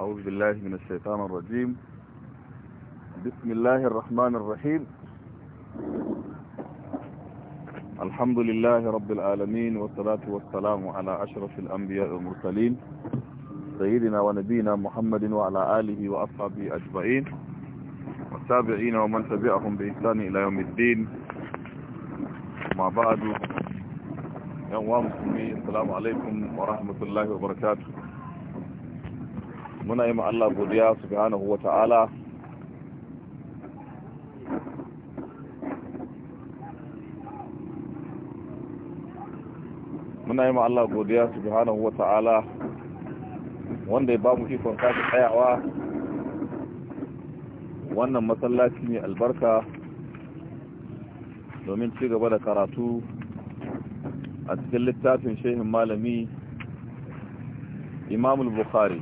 أعوذ بالله من الشيطان الرجيم بسم الله الرحمن الرحيم الحمد لله رب العالمين والصلاة والسلام على أشرف الأنبياء والمرسلين سيدنا ونبينا محمد وعلى آله وأصحابه أجمعين والتابعين ومن تبعهم بإحسان إلى يوم الدين ما بعد يوم مسلمين السلام عليكم ورحمة الله وبركاته muna yi Allah godiya subhanahu wa ta'ala muna yi Allah godiya ta'ala wanda ya ba mu kifon kashi tsayawa wannan masallaci ne albarka domin ci gaba da karatu a cikin littafin shehin malami imamul bukhari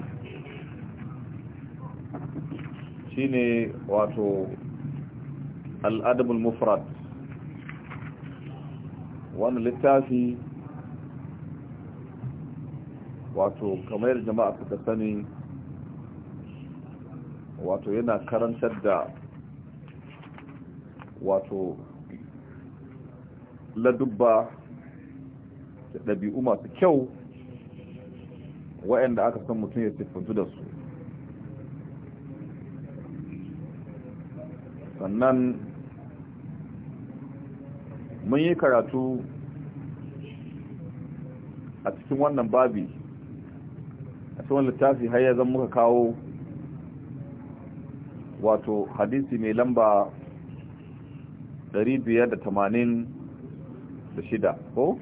shine wato al'adabul mufrad wani littafi wato kamar jama'a suka sani wato yana karantar da wato ladubba da ɗabi'u masu kyau waɗanda aka san mutum ya siffantu da su sannan mun yi karatu a cikin wannan babi a cikin littafi har yanzu muka kawo wato hadisi mai lamba 586 ko?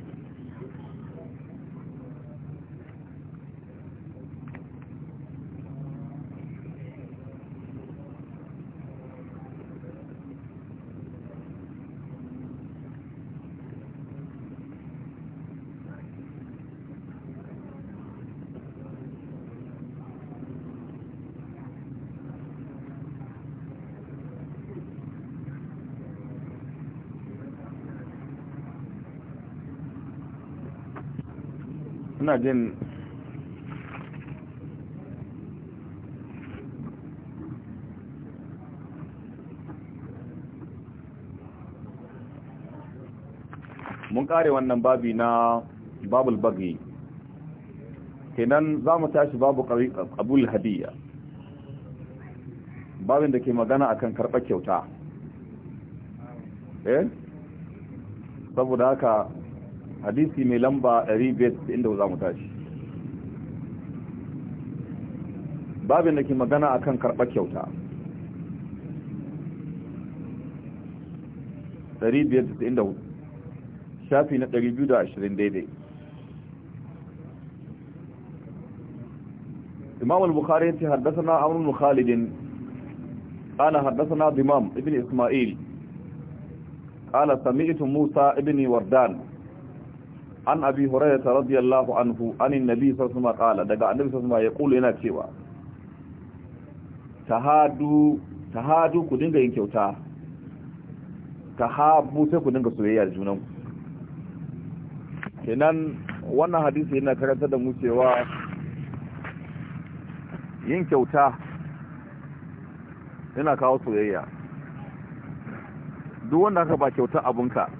suna jin mun kare wannan babi na babul bagi kenan za mu tashi babu abul hadiya babin da ke magana akan karɓar kyauta eh saboda haka hadisi mai lamba 500 inda za mu tashi babin da ke magana a kan karɓar kyauta biyar da 594 shafi na ashirin daidai imam al-bukhari ya ce haddasa amurin khalidin haddasa na dimam ibn isma'il sami itin musa ibn wardan an abi hurairah radiyallahu anhu anin nabi sallallahu alaihi wasallam qala daga annabi sallallahu alaihi wasallam yana cewa tahadu tahadu ku dinga yin kyauta tahabu sai ku dinga soyayya da junanku kenan wannan hadisi yana karanta da mu cewa yin kyauta yana kawo soyayya duk wanda aka ba kyauta abunka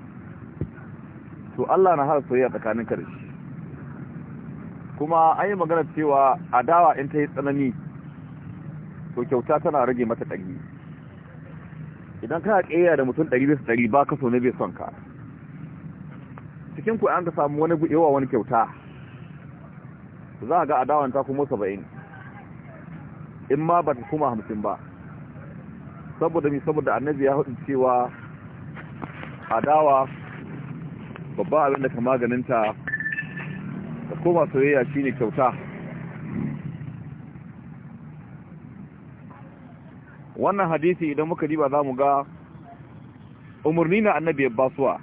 to Allah na halar soyayya tsakanin ka da shi kuma an yi magana cewa adawa in ta yi tsanani to kyauta tana rage mata ɗari idan kana ƙeya da mutum ɗari bisa ɗari ba ka so ne bai son ka cikin ku an ka samu wani yawa wani kyauta za a ga adawan ta kuma saba'in in ma ba ta kuma hamsin ba saboda mi saboda annabi ya haɗu cewa adawa babba abin da ka maganinta da koma soyayya ne kyauta wannan hadisi idan muka diba za mu ga umarni na annabi basuwa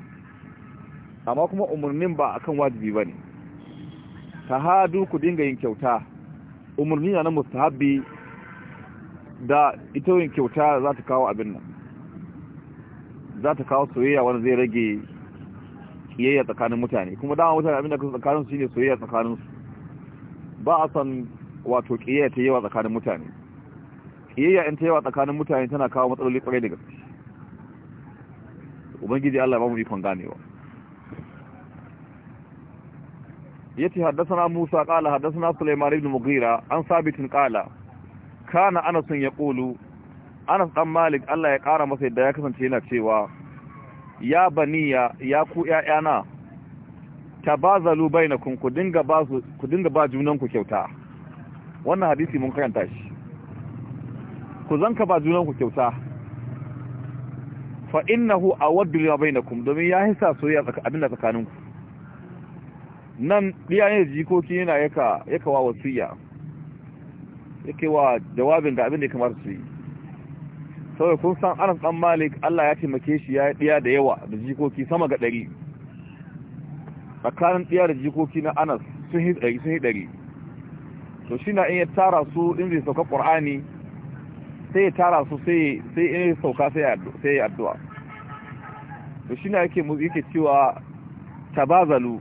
amma kuma umarnin ba akan wajibi ba ne ta hadu ku dinga yin kyauta umarni na habi da ita yin kyauta za ta kawo abin nan za ta kawo soyayya wani zai rage biyayya tsakanin mutane kuma dama mutane abinda kusa tsakanin su shine soyayya tsakanin su ba a san wato kiyayya ta yawa tsakanin mutane kiyayya in ta yawa tsakanin mutane tana kawo matsaloli kwarai da gaske ubangiji Allah ya ba mu ikon ganewa yace haddathana Musa qala haddathana Sulaiman ibn Mughira an sabitin qala kana Anas yaqulu Anas dan Malik Allah ya kara masa yadda ya kasance yana cewa ya baniya ya ku ƴaƴana tabazalu bainakum ku dinga ba ku dinga ba junanku kyauta wannan hadisi mun karanta shi ku zanka ba junanku kyauta fa innahu awaddu lima bainakum domin ya hisa soyayya tsakanin abinda tsakaninku nan iyaye jikoki yana yaka yaka wa wasiya yake wa jawabin da abin da ya kamata su yi saboda kun san anas dan malik Allah ya taimake shi ya diya da yawa da jikoki sama ga ɗari tsakanin diya da jikoki na anas sun yi ɗari sun yi ɗari to shi na in ya tara su in zai sauka ƙur'ani sai ya tara su sai sai in ya sauka sai ya addu'a to shi na yake yake cewa tabazalu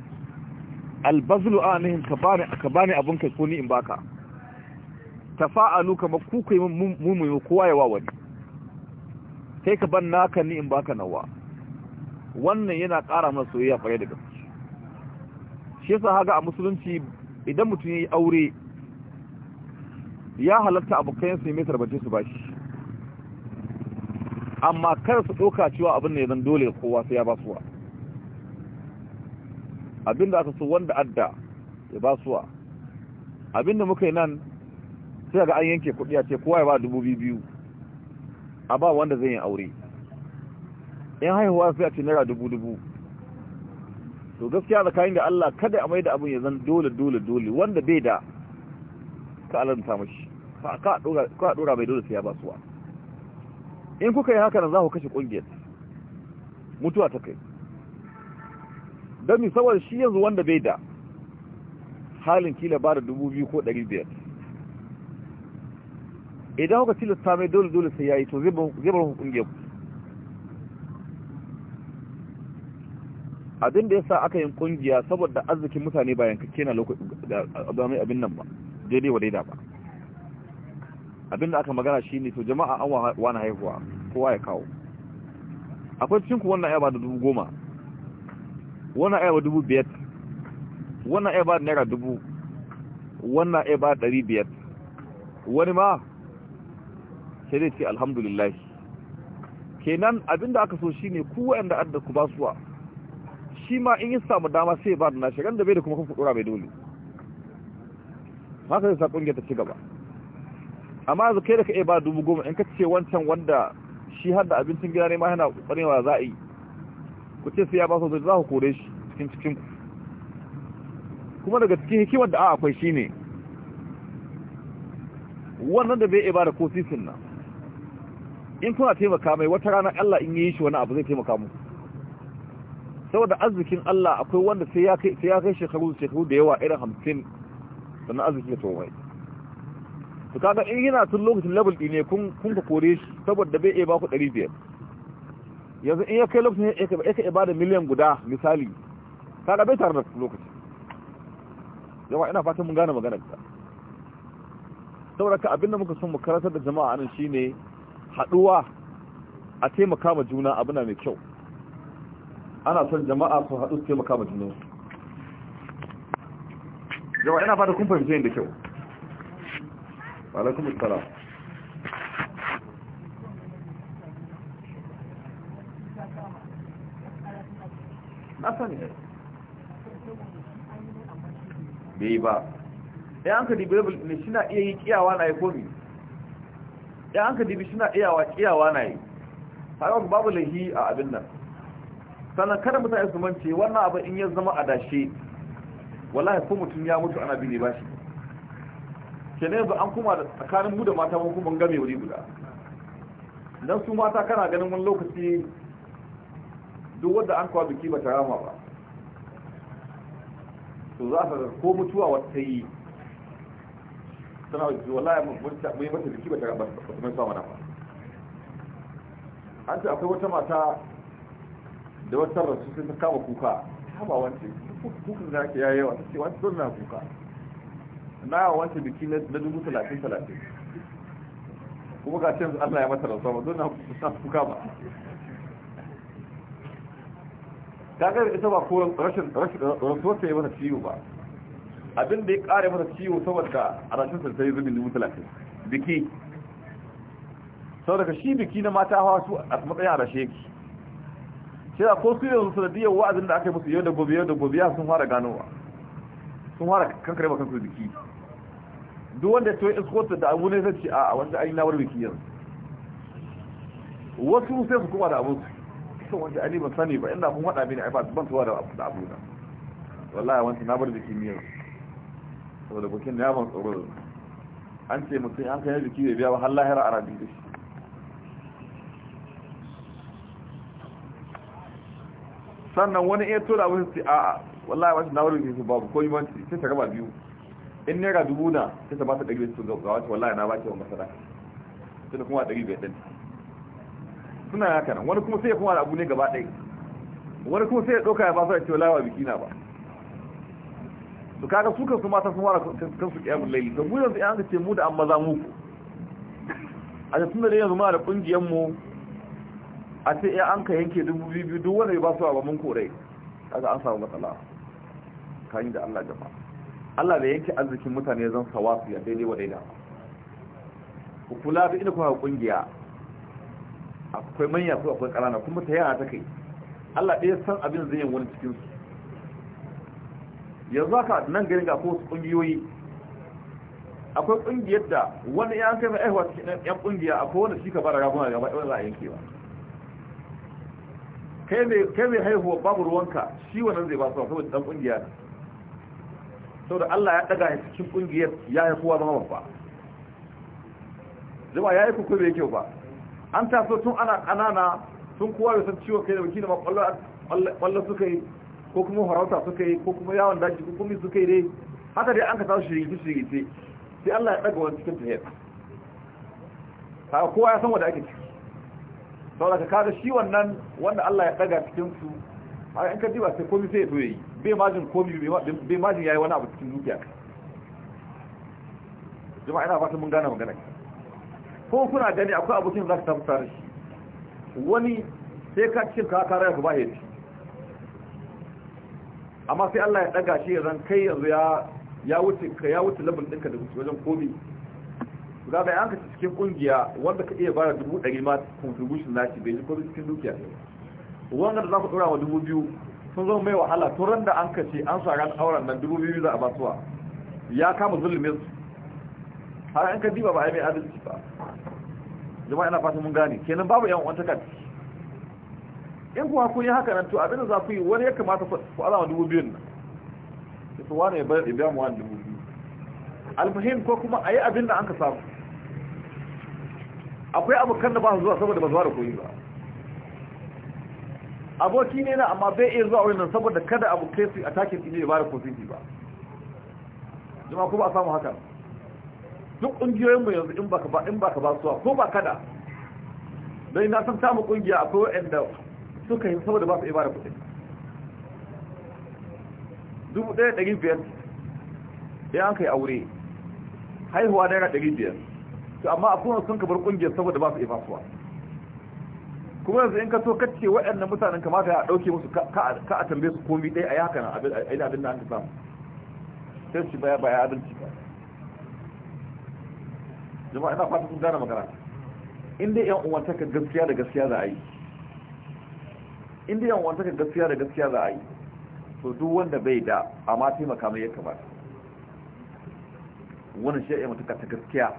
albazlu anihim kabani kabani abin kai ko ni in baka tafa'alu kama kuka yi mun kowa ya wa wani kai ka ban naka ni in baka nawa wannan yana ƙara mana soyayya kwarai da gaske shi yasa haga a musulunci idan mutum ya yi aure ya halatta abokan su mai tarbace su bashi amma kar su doka cewa abin ne zan dole kowa sai ya ba suwa abin da aka so wanda adda ya ba suwa abin da muka yi nan sai ga an yanke kuɗi a ce kowa ya ba dubu biyu a ba wanda zai yi aure in haihuwa sai a ce naira dubu dubu to gaskiya tsakanin da Allah kada a mai da abin ya zan dole dole dole wanda bai da ka alanta mashi ka a dora mai dole sai ya basuwa in kuka yi haka nan za ku kashe kungiyar mutuwa ta kai don ni saboda shi yanzu wanda bai da halin kila ba da dubu biyu ko ɗari biyar idan kuka tilasta mai dole dole sai yayi to zai bar hukunge ku abin da yasa aka yin kungiya saboda arzikin mutane bayan kake na lokacin da mai abin nan ba daidai wa daida ba abin da aka magana shi ne to jama'a an wani haihuwa kowa ya kawo akwai cikin ku wannan ayaba da dubu goma wannan ayaba dubu biyar wannan ayaba naira dubu wannan ayaba ɗari biyar wani ma sai dai ce alhamdulillah kenan abinda aka so shine ku wanda adda ku basuwa shi ma in yi samu dama sai ba da nashi da bai da kuma kuma dora mai dole haka zai sa kungiyar ta ci gaba amma yanzu kai da ka ba dubu goma in ka ce wancan wanda shi har da abincin gida ne ma yana kwarewa za a yi ku ce sai ya ba su zai za ku kore shi cikin cikin ku kuma daga cikin hikimar da akwai shine wannan da bai ba da ko nan in kuna taimaka mai wata rana Allah in yi shi wani abu zai taimaka mu saboda arzikin Allah akwai wanda sai ya kai sai ya kai shekaru shekaru da yawa irin 50 sannan arziki ya tsomai to kaga in yana tun lokacin level din ne kun kun ka kore shi saboda bai ba ku 500 yanzu in ya kai lokacin ya kai ya ba da miliyan guda misali kaga bai tare da lokacin yawa ina fatan mun gane maganar saboda ka abinda muka son mu karatar da jama'a anan shine haɗuwa a taimaka ma juna abu na mai kyau ana son jama'a su haɗu su taimaka ma juna jama'a ina fata kumfa fahimce da kyau alaikum assalam na sani bai ba ya an ka dibe ne shi na iya yi kiyawa na ya komi ya an dibi suna iyawa iyawa na yi babu lahi a abin nan sannan kada mutane su mance wannan abin in ya zama a dashe wallahi ko mutum ya mutu ana bine ba shi ke an kuma da tsakanin mu da mata mun kuma game wuri guda dan su mata kana ganin wani lokaci duk wanda an kwa biki ba ta rama ba to za ka ko mutuwa wata yi tana wajen wallahi mun yi mata jiki ba su mai sa mana ba an ce akwai wata mata da wata rasu sai ta kama kuka ta ba wance kuka da ake yayewa ta ce wance na kuka na yawa wance biki na dubu talatin talatin kuma ka ce Allah ya mata rasuwa ba zonna kuka ba ta ga ita ba ko rashin rasuwa ta yi mata ciwo ba abin da ya kare masa ciwo saboda a rashin sa sai zubin dubu talatin biki saboda shi biki na mata hawa su a matsayin arashe yake sai da ko su yi da sanadiyar wa'azin da aka yi musu yau da gobe yau da gobe sun fara ganowa sun fara kankare masa su biki duk wanda ya iskota da abu ne zai a wanda ayi na nawar biki yanzu wasu sai su kuma da abu su wanda ali ban sani ba inda kun ne a ai ba ban tuwa da abu da abu na wallahi wanda na bar biki ne yanzu saboda bukin ne yaban tsoro da an ce mutum an kai jiki bai biya ba har lahira ana bi shi sannan wani iya tura ce a a'a wallahi wasu na wurin su babu ko yimanci sai ta gaba biyu in ga dubu na sai ta ba ta ɗari su ga wata wallahi na ba ta wani masara sai kuma ɗari bai ɗin suna ya nan wani kuma sai ya kuma abu ne gaba ɗaya wani kuma sai ya ɗauka ya ba su da cewa lawa biki na ba to kaga su kansu mata sun wara su kiyamul laili to mu yanzu an ce mu da an maza muku a tun da yanzu ma da kungiyar mu a ce eh an ka yanke dubu biyu duk wanda ya ba su a mun korai kaga an samu matsala kan da Allah jama'a Allah da yanke arzikin mutane zan sawa su ya daidai wa daida ku kula da ina ku ha kungiya akwai manya ko akwai karana kuma ta yaya ta kai Allah ɗaya san abin zai yin wani cikin su yanzu haka nan garin ga kowace kungiyoyi akwai kungiyar da wani ya kai mai aihuwa cikin yan kungiya akwai wanda shi ka fara raguna gaba ɗaya za a yanke ba kai mai haihuwa babu ruwanka shi wannan zai ba su wasu dan kungiya ne sau da Allah ya daga cikin kungiyar ya yi kowa zama babba zama ya yi kuku bai kyau ba an taso tun ana ƙanana tun kowa bai san ciwon kai da wakilin ma ƙwallo suka yi ko kuma harauta suka yi ko kuma yawon daji ko kuma suka yi dai haka dai an ka shirin shirgi shirgi sai Allah ya daga wani cikin tahiyar Ta kowa ya san wanda ake ciki saboda ka kada shi wannan wanda Allah ya daga cikin su a in ka diba sai komai sai ya so yi bai majin ya bai majin wani abu cikin ka. jama'a ina fata mun gane magana ko kuna gani akwai abokin za ka tabbata shi wani sai ka cikin ka kare ba ya ci amma sai Allah ya daga shi zan kai yanzu ya ya wuce ka ya wuce labin ɗinka da wajen komi za an ka cikin kungiya wanda ka iya bayar dubu ɗari ma contribution na shi bai ji komi cikin dukiya wanda da za ku dora wa dubu biyu sun zama mai wahala tun ran da an ce an sa ran auren nan dubu biyu za a basuwa ya kama zulumin su har an ka diba ba a yi mai adalci ba jama'a ina fata mun gane kenan babu yan uwan takardi in kuwa kun yi haka nan to abin da za ku yi wani ya kamata ku alama dubu biyun nan ya wani ya biya mu wani dubu biyu alfahim ko kuma a yi abin da an ka samu akwai abokan da ba su zuwa saboda ba zuwa da koyi ba aboki ne na amma bai iya zuwa wurin nan saboda kada abokai su a takin ɗin ba da kofinki ba ko ba a samu haka duk mu yanzu in ba ka ba su ko ba kada dai na san samun ƙungiya akwai wa'anda suka yi saboda ba su bada kudi dubu daya dari biyar ya an kai aure haihuwa daya dari biyar to amma a sun kabar kungiyar saboda ba su ibasuwa kuma yanzu in ka so kacce waɗannan mutanen kamata ya ɗauke musu ka a tambaye su komi ɗaya a yi haka nan abin da an samu sai shi baya baya abinci ba jama'a ina fata sun gane magana in dai yan ka gaskiya da gaskiya za a yi inda yawan wanta ka gaskiya da gaskiya za a yi to duk wanda bai da amma taimaka mai ya kamata Wani shi ya matuka ta gaskiya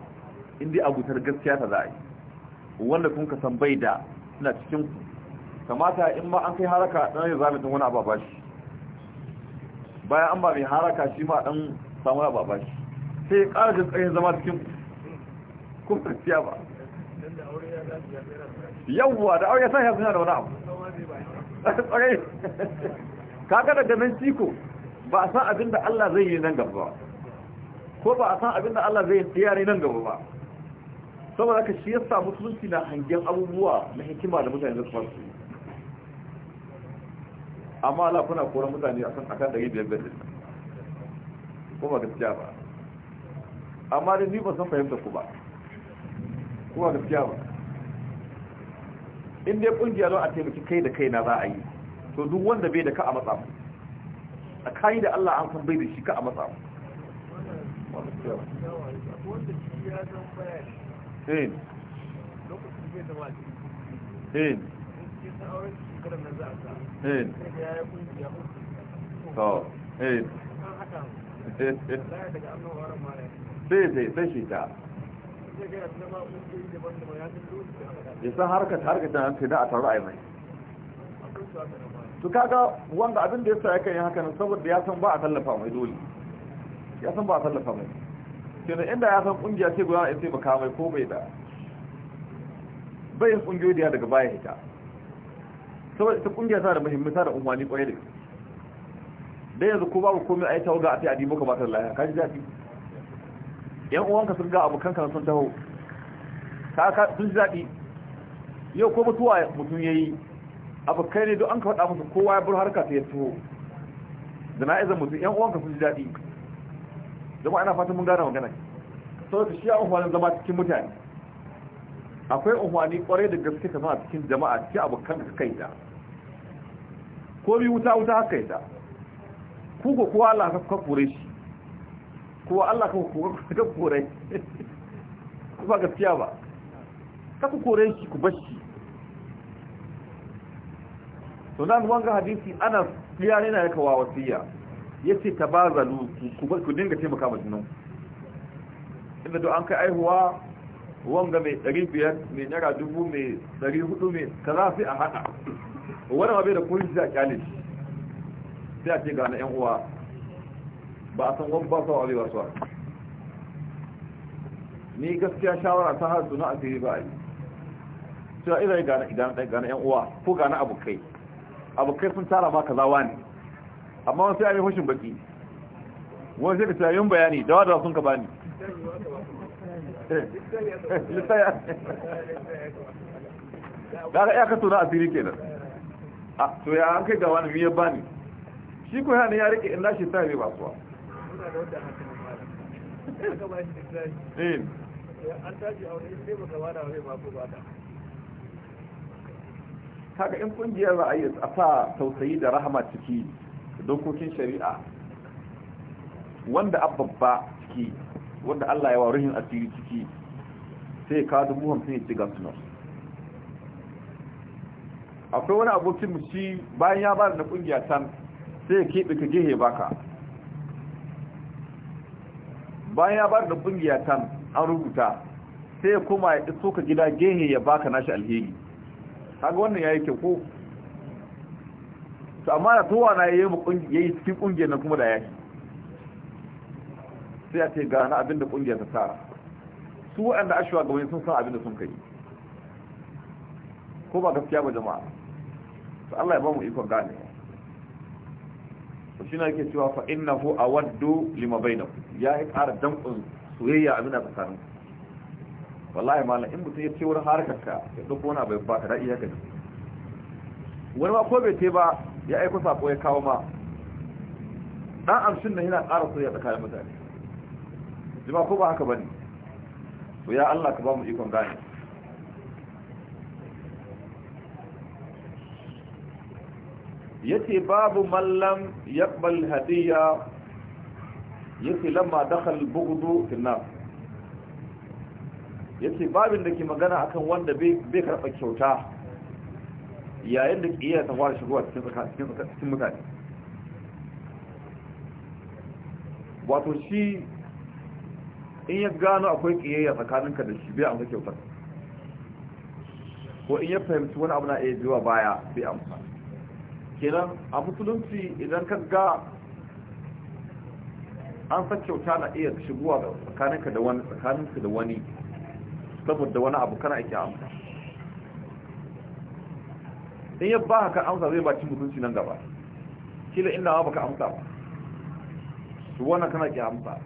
inda gutar gaskiya ta za a yi wanda kun kasan bai da suna cikin ku kamata in ma an kai haraka dan ya zamitin wani ababa shi bayan an ba mai haraka shi ma dan abu ababa shi sai ya ƙara jin tsayin zama cikin ku kuma gaskiya ba yawwa da aure ya sa ya suna da wani abu kwarai kaga daga nan ciko ba a san abin da Allah zai yi nan gaba ko ba a san abin da Allah zai yi yare nan gaba ba saboda ka shi yasa musulunci na hangen abubuwa na hikima da mutane da su fasu amma Allah kuna koran mutane akan akan ɗari biyar biyar ko ba gaskiya ba amma da ni ba san fahimta ku ba ko ba gaskiya ba in dai kungiya don a taimaki kai da kaina za a yi to duk wanda bai da ka a matsa mu a kayi da Allah an san bai da shi ka a matsa mu sai sai sai shi ta ya san harkar harkar da sai da a taru a mai su kaga wanda abin da sa yakan yi haka nan saboda ya san ba a tallafa mai dole ya san ba a tallafa mai kenan inda ya san kungiya ce guda ya taimaka mai ko bai da bai kungiyoyi da daga baya hita saboda ita kungiya tana da ta da umarni kwarai da dai yanzu ko babu komai a yi tawaga a fi a muka ba ta lafiya ji yan uwanka sun ga abokan ka sun taho ka sun ji daɗi yau ko mutuwa mutum ya yi abokai ne don an ka faɗa musu kowa ya bar harka ta ya dana jana'izar mutum yan uwanka sun ji daɗi zama ana fatan mun gane magana sau da shi a unhwanin zama cikin mutane akwai unhwani kwarai da gaske ka zama cikin jama'a cikin abokan ka kai da ko bi wuta wuta haka yi da ku ko kowa Allah ka kure shi kuwa Allah kan kuka kore ku ba gaskiya ba ka ku kore shi ku bashi to dan wanga hadisi ana biya ne na yaka wasiya yace tabazalu ku ku dinga taimaka ma junan inda do an kai aihuwa wanga mai dari biyar mai naira dubu mai hudu mai kaza sai a hada wannan bai da kunshi a kyale sai a ce ga na yan uwa ba a san wani ba su wa'azi ba su wa'azi ni gaskiya shawara ta haɗu na asiri ba a yi cewa ina yi gane idan ɗaya gane yan uwa ko gane abokai abokai sun tara ma kazawa ne amma wasu ya yi hushin baki wani sai ka cewa yin bayani da wadawa sun ka bani daga eh, ya ka na asiri kenan a ah, to ya an kai ga wani miyar bani shi ko ne ya rike in lashe sa ne ba suwa Haka in kungiyar ra'ayi a sa tausayi da rahama ciki dokokin shari'a wanda ababba ciki wanda Allah ya wa ruhin asiri ciki sai ka dubu hamsin ya ci gasunar akwai wani abokin mu shi bayan ya bada na kungiya can sai ya keɓe ka gehe baka bayan ya bar da kungiya tan an rubuta sai ya koma ya gida gehe ya baka nashi alheri kaga wannan yayi kyau ko to amma da towa na yayi mu yayi cikin kungiyar na kuma da yaki sai ya ce ga na abinda kungiyar ta tara su wanda ashwa gaban sun san abinda sun kai ko ba gaskiya ba jama'a to Allah ya ba mu ikon gane to shi ne yake cewa fa innahu awaddu lima bainakum ya yi ƙara damƙon soyayya abin da tsakanin wallahi ma in mutum ya ce wani harkar ka ya ɗauko wani abu ba ka daɗi ya gani wani ma ko bai ce ba ya aiko sako ya kawo ma ɗan amshin na yana ƙara soyayya tsakanin mutane jima ko ba haka ba ne to ya Allah ka ba mu ikon gane yace babu mallam yaqbal hadiya yace lamma dakhal bughdu fil nar yace babin da ke magana akan wanda bai karba kyauta yayin da iyaye ta fara shigowa cikin mutane wato shi in ya gano akwai kiyayya tsakaninka da shi bai amsa kyautar ko in ya fahimci wani abu na iya biyuwa baya bai amsa kenan a musulunci idan ka ga an san kyauta na iya shigowa tsakaninka da wani tsakaninka da wani saboda wani abu kana ake amsa in ya ba haka amsa zai ba cin mutunci nan gaba kila inda ma baka amsa ba su wani kana ke amsa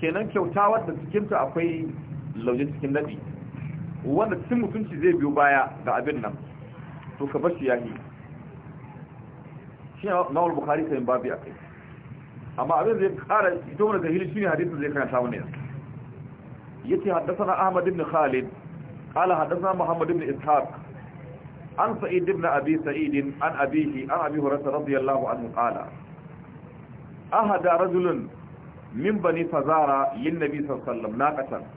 kenan kyauta wadda cikinta akwai lauje cikin nadi wanda cikin mutunci zai biyo baya ga abin nan to ka bar shi yahi shi na ka bukhari babi babu kai. amma abin zai kara ito mana ga hili ne hadisin zai karanta mana yanzu yace haddathana Ahmad ibn Khalid qala haddathana Muhammad ibn Ishaq an Sa'id ibn Abi Sa'id an abihi an Abi Hurairah radiyallahu anhu qala ahada rajulun min bani fazara lin nabi sallallahu alaihi wasallam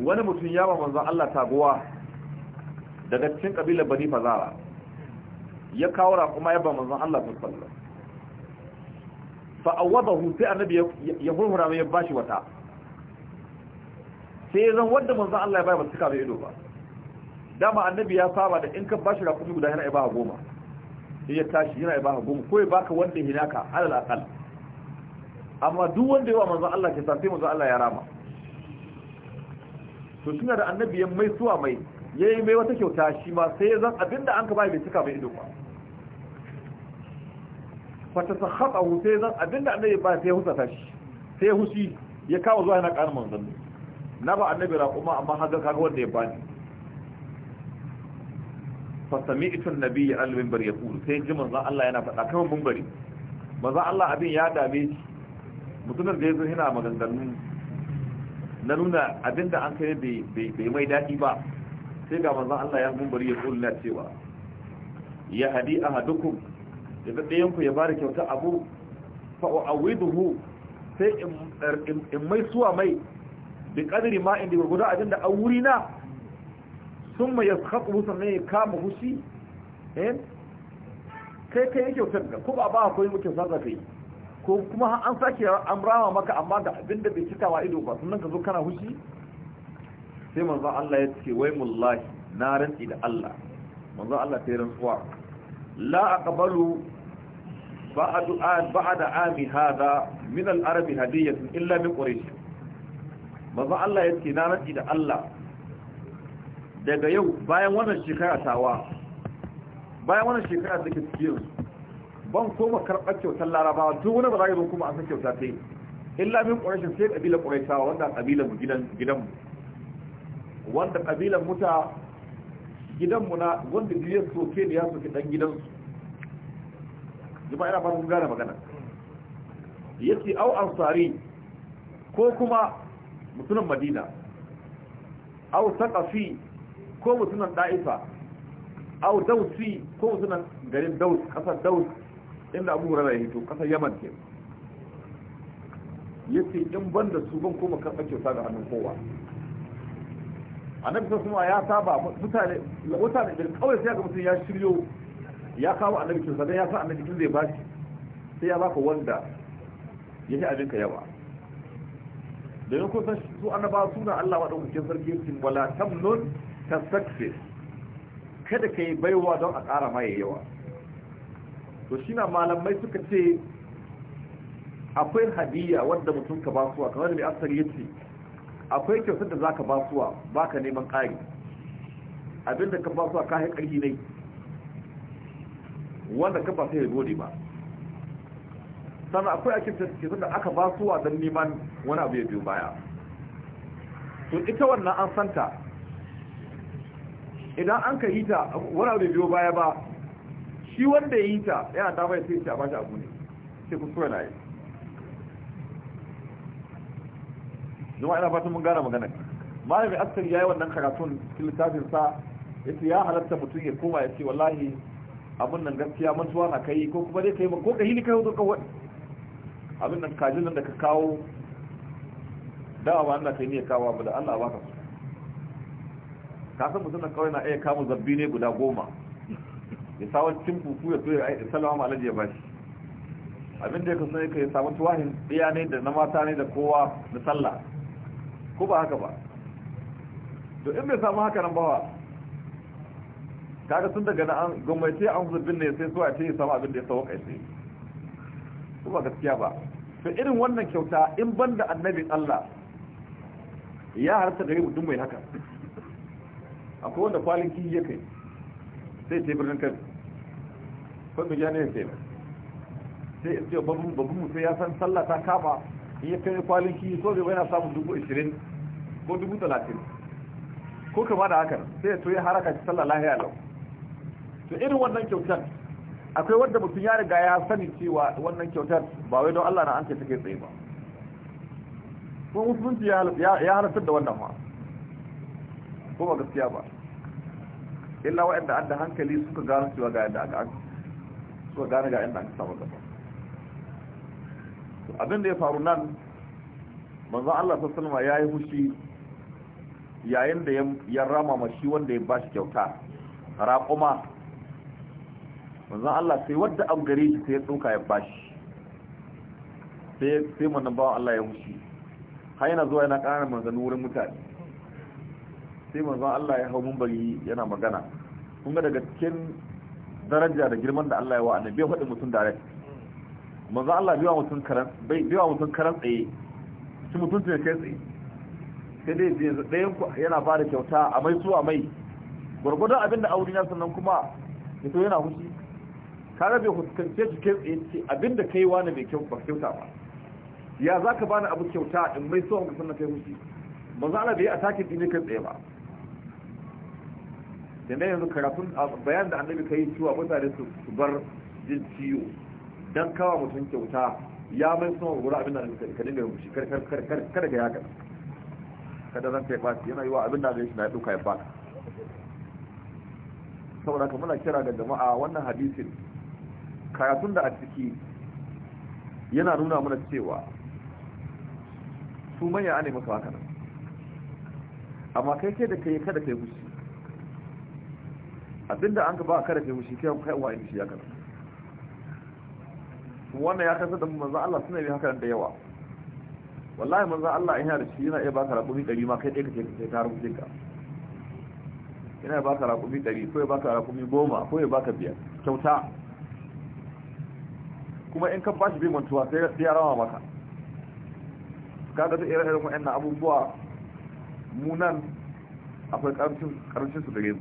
wani mutum ya ba manzon Allah taguwa daga cikin kabilar bani fazara ya kawo ra kuma ya ba manzon Allah sallallahu fa'awwadahu sai annabi ya hurhura mai ba bashi wata sai zan wanda manzan Allah ya bai ba suka bai ido ba dama annabi ya saba da in ka bashi rakumi guda yana ibaha goma sai ya tashi yana ibaha goma ko ya baka wanda ya hinaka alal aqal amma duk wanda yawa manzan Allah ke sai manzan Allah ya rama to tunda da annabi ya mai suwa mai yayi mai wata kyauta shi ma sai zan abinda an ka bai bai suka bai ido ba fata ta haɗa sai zan abinda annabi ba sai husa ta shi sai hushi ya kawo zuwa yana ƙarin manzanni na ba annabi raƙuma amma haga kaga wanda ya bani fasami itun nabi ya ɗan bari ya kuru sai ji manzan Allah yana faɗa kan mumbari manzan Allah abin ya dame shi mutumin da ya zo yana maganganu na nuna abinda an kai bai mai daɗi ba sai ga manzan Allah ya mumbari ya kuru na cewa ya hadi ahadukum da daddayen ku ya bada kyauta abu fa u'awiduhu sai in mai suwa mai bi kadri ma inda gurguda abin da an wuri na summa yaskhatu sannan ya kama hushi eh kai kai kyautar ka ko ba ba akwai muke sarra kai ko kuma an sake an rama maka amma da abinda da bai cikawa ido ba sannan ka zo kana hushi sai manzo Allah ya ce wai mullahi na rantsi da Allah manzo Allah sai rantsuwa la aqbalu بعد آن بعد عام هذا من العرب هدية إلا من قريش maza Allah ya ce na rantsi da Allah daga yau bayan wannan shekara tawa bayan wannan shekara da ke cikin ban koma karɓar kyautar larabawa to wani ba za ban kuma an san kyauta ta yi illa min ƙwarashin sai ƙabilar ƙwarashawa wanda ƙabilar mu gidanmu wanda ƙabilar muta gidanmu na wanda biyar soke ne ya soke ɗan su. jama'a ina fara gane magana ce au ansari ko kuma mutunan madina au saqafi ko mutunan da'ifa au dausi ko mutunan garin daus kasar daus inda abu rana ya hito kasar yaman ke ce in ban da su ban kuma karɓar kyauta ga hannun kowa annabi sallallahu alaihi wasallam ya saba mutane mutane da kawai sai ga mutum ya shiryo ya kawo annabi kyauta sannan ya sa annabi zai baki sai ya baka wanda ya yi abinka yawa domin kun san su annaba suna Allah madaukakin sarki yankin wala tamnun sakfe kada ka yi baiwa don a ƙara ma yawa to shi na malamai suka ce akwai hadiya wanda mutum ka ba suwa kamar da mai asar ya ce akwai kyautar da za ka ba suwa ba ka neman ƙari abinda ka ba suwa ka haƙari ne wanda ka ba sai ya gode ba sannan akwai ake cikin da aka ba suwa don neman wani abu ya biyu baya to ita wannan an santa idan an ka yi ta wani abu ya biyo baya ba shi wanda ya yi ta yana dama ya sai ba shi abu ne sai kuskure na yi zuma ina fatan mun gane magana malami asali ya yi wannan karatun littafinsa ya ce ya halatta mutum ya koma ya ce wallahi abin nan gaskiya mantuwa na kai ko kuma dai kai ba ko ka hili kai ka kawai abin nan kajin nan da ka kawo dawa ba Allah kai ne kawo ba da Allah baka su ka san mutum na kawai na iya kama zabbi ne guda goma ya sa wani cin kuku ya soya ai sallama ma alaji ya bashi abin da ya kasance ka yi samu tuwahin iya ne da na mata ne da kowa na sallah ko ba haka ba to in bai samu haka nan bawa kaga tun daga na gwamnati an su ne sai su a ce ya samu abin da ya sauka sai kuma gaskiya ba to irin wannan kyauta in banda annabin Allah ya harta gari mutum mai haka akwai wanda kwalin kiyi ya kai sai ce birnin kan kwan mai ne ya kai sai ce babban mutum ya san sallah ta kama in ya kai kwalin kiyi so zai yana samun dubu ishirin ko dubu talatin ko kama da hakan sai ya to ya haraka ci sallah lahiya lau to irin wannan kyautar akwai wanda mutum ya riga ya sani cewa wannan kyautar ba wai don Allah na an ce take tsaye ba kuma musulunci ya halartar da wannan ma ko ba gaskiya ba illa wa an da hankali suka gano cewa ga yadda aka suka gane ga yadda aka samu gaba abin da ya faru nan manzon Allah sallama ya yi hushi yayin da ya rama ma shi wanda ya bashi kyauta raƙuma manzon Allah sai wadda abu gare shi sai ya tsoka ya bashi sai sai wannan Allah ya hushi har yana zuwa yana ƙara manzon wurin mutane sai manzon Allah ya hau bari yana magana kun ga daga cikin daraja da girman da Allah ya wa annabi ya faɗi mutum direct manzon Allah bai wa mutum karan bai bai mutum karan tsaye shi mutum ne kai tsaye sai dai zai ɗayan yana ba da kyauta a mai su a mai gwargwadon abin da auri sannan kuma ya yana hushi kaga bai huskance shi kai tsaye ce abinda kai wani bai kyau ba kyauta ba ya za ka bani abu kyauta in mai so ka sanna kai mushi manzo Allah bai atake din kai tsaye ba da ne yanzu karatun bayan da annabi kai cewa mutane su bar jin ciwo dan kawa mutum kyauta ya mai so gura abin da kai ka dinga mushi kar kar kar kar kada ga yaka kada zan kai ba yana yiwa abinda da zai shi na duka ya baka saboda kamar kira ga jama'a wannan hadisin karatun da a ciki yana nuna mana cewa su manya ne masu haka nan amma kai ke da kai kada kai mushi abinda an ka ba kada kai mushi kai kai wani shi haka nan wannan ya kasa da manzo Allah suna yi haka da yawa wallahi manzo Allah ya da shi yana iya baka raƙumi ɗari ma kai ɗaya kace kace ta rubuce ka yana baka raƙumi ɗari ko ya baka raƙumi goma ko ya baka biyar kyauta kuma in ka bashi bai mantuwa sai ya rawa maka kaga da ire-iren na abubuwa munan akwai karancin su gare mu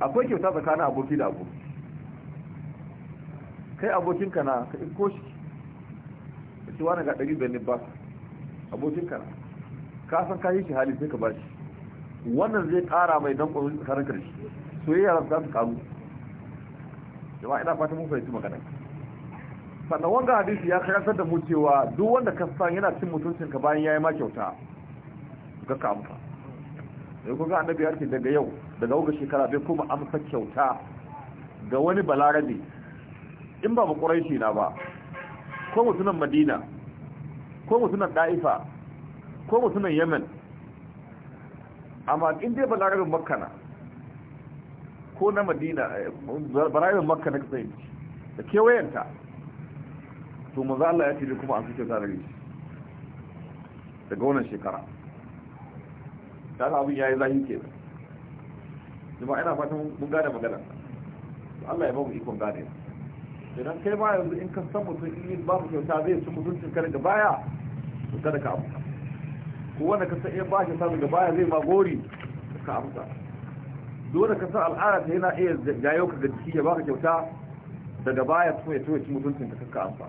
akwai kyauta tsakanin aboki da aboki kai ka na ka in koshi da cewa wani ga ɗari da ne ba ka na ka san ka yi shi hali sai ka bashi wannan zai ƙara mai don ƙwarin tsakanin karshe soyayya za su ƙaru jama'a ina fata mun fahimci magana sannan wanga hadisi ya karantar da mu cewa duk wanda ka san yana cin mutuncin ka bayan yayi ma kyauta ga ka amsa sai kuma annabi ya ce daga yau daga wuga shekara bai kuma amsa kyauta ga wani balarabi in ba mu quraishi na ba ko mutumin madina ko mutumin da'ifa ko mutumin yemen amma in dai balarabin makka na ko na madina eh, balarabin makka na kasance da kewayenta to maza Allah ya ce kuma an fito tare da shi daga wannan shekara kaga abin yi zahiri kenan jama'a ina fatan mun gane magana Allah ya ba mu ikon gane idan kai ba yanzu in ka san mutum in yi ba mu kyauta zai ci mutuncin kare daga baya to kada ka amsa ko wanda ka san in ba shi sa daga baya zai ma gori ka amsa dole ka san al'ada ta yana iya jayo ka ga jiki ya baka kyauta daga baya to ya tuwa ya ci mutuncin ka ka amsa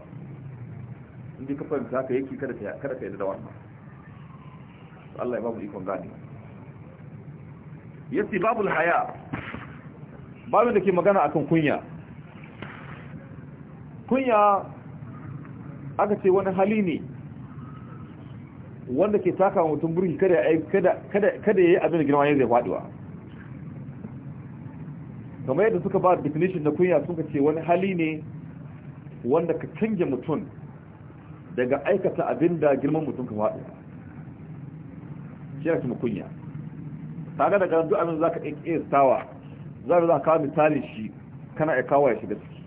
inda ka fahimta haka yake kada ka yi da wannan Allah ya babu ikon gane yace babul haya babu da ke magana akan kunya kunya aka ce wani hali ne wanda ke taka mutum burin kada ya kada ya yi abin da girma ya zai faduwa kamar yadda suka ba definition na kunya ka ce wani hali ne wanda ka canje mutum daga aikata abin da girman mutum ka faɗi shi kuma kunya kaga daga duk abin za ka iya stawa za ka kawo misalin shi kana iya kawo ya shiga ciki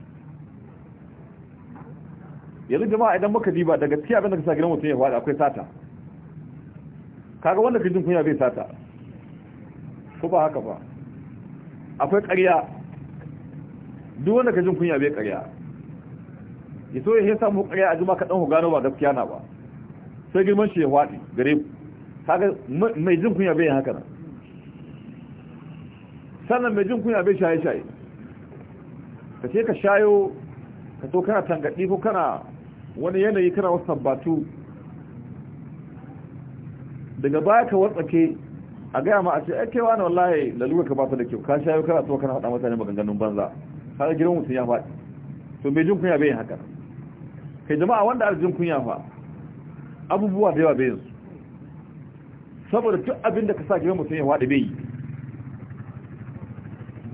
yanzu jama'a idan muka diba daga ciki abin da ka sa girman mutum ya faɗi akwai sata kaga wanda ka jin kunya bai sata ko ba haka ba akwai ƙarya duk wanda ka jin kunya bai ƙarya ya so ya samu ƙarya a jima kaɗan hugano ba gaskiya na ba sai girman shi ya waɗi gare ku kaga mai jin kunya bai haka nan sannan mai jin kunya bai shaye-shaye ka ce ka shayo ka so kana tangaɗi ko kana wani yanayi kana wasu sabbatu daga baya ka watsake a gaya ma a ce ake wani wallahi lalura ka bata da kyau ka shayo kana so kana haɗa mutane maganganun banza har girman mutum ya faɗi to mai jin kunya bai haka nan kai jama'a wanda arzikin kunya fa abubuwa da yawa bai yanzu saboda duk abin da ka sa gidan mutum ya wada bai yi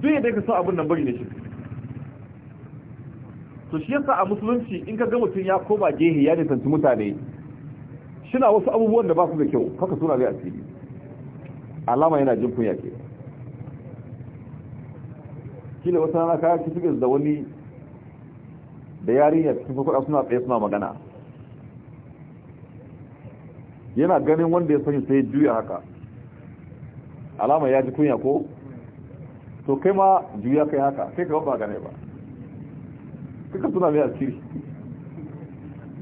duk yadda ka sa abin nan bari ne shi to shi yasa a musulunci in ka ga mutum ya koma gehe ya nisanci mutane shina wasu abubuwan da ba su da kyau haka suna zai asiri alama yana jin kunya ke kila wata rana kaya ki figas da wani da yarinya cikin kwakwada suna tsaye suna magana yana ganin wanda ya sani sai juya haka alama ya ji kunya ko to kai ma juya kai haka kai ka ba gane ba kika suna mai asiri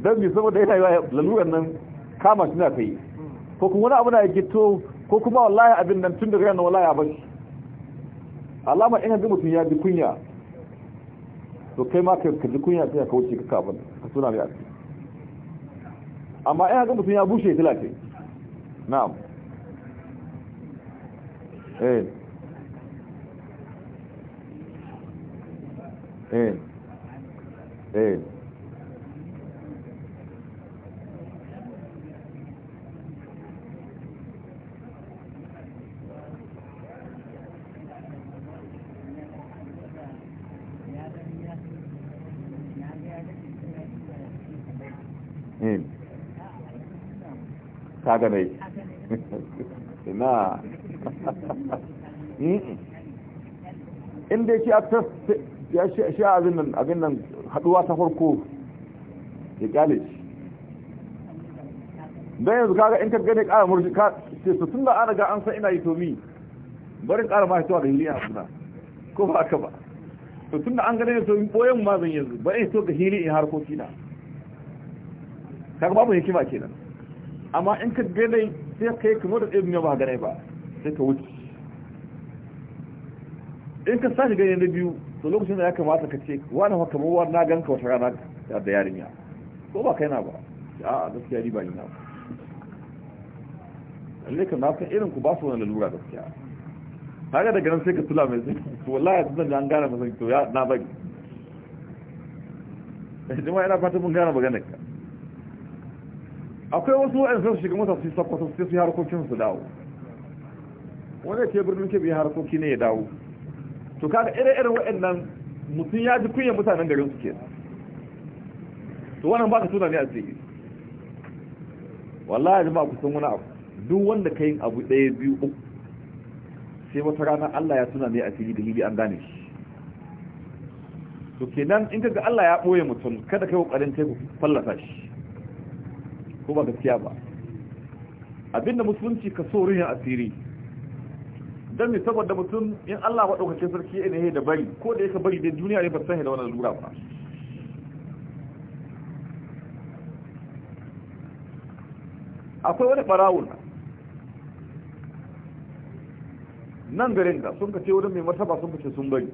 don bi saboda yana yi lalurar nan kama shi na kai ko kuma wani abu na ya gito ko kuma wallahi abin nan tun da ranar wallahi a bashi alama ina ga mutum ya ji kunya to kai ma kai kalli kunya sai ka wuce ka kafa ka suna mai aski amma ai haka mutum ya bushe tila kai na'am eh eh eh kaga dai ina hmm. inda shi a shi abin nan abin nan haduwa ta farko ya kyale shi don yanzu kaga in kaga ne kara murji ka ce su tun da an riga an san ina yi tomi barin kara ma hitowa da a suna ko ba haka ba to tun da an gane da tomi boyan ma zan yanzu ba in so ga hili in harkoki na kaga babu hikima kenan amma in ka ga sai ka yi kamar da ibn ba gane ba sai ka wuce in ka sashi gani na biyu to lokacin da ya kamata ka ce wani haka mawar na ganka wata rana da yarinya ko ba kai na ba a gaskiya riba ni na ba lalle kan na san irin ku ba su wani lalura gaskiya kaga daga nan sai ka tula mai zai wallahi yanzu zan an gane masa to ya na bari jama'a ina fata mun gane maganar ka akwai wasu wa'ansu su shiga masa su yi sakwato su yi harkokin su dawo wanda ke birnin ke biya harkoki ne ya dawo to kaga ire-iren wa'annan mutum ya ji kunyan mutanen garin su ke to wannan ba ka tuna ne a cikin wallahi jama'a ku san wani abu duk wanda ka yin abu ɗaya biyu uku sai wata rana Allah ya tuna ne a cikin da an gane shi to kenan in ka ga Allah ya ɓoye mutum kada kai kokarin kai ku fallasa shi ko ba gaskiya ba abinda musulunci ka so ruhin asiri don ne saboda mutum in Allah ba ɗaukacin sarki ne ne da bari ko da yake bari dai duniya ne ba san da wannan lura ba akwai wani ɓarawun nan garin da sun kace wurin mai martaba sun kace sun bari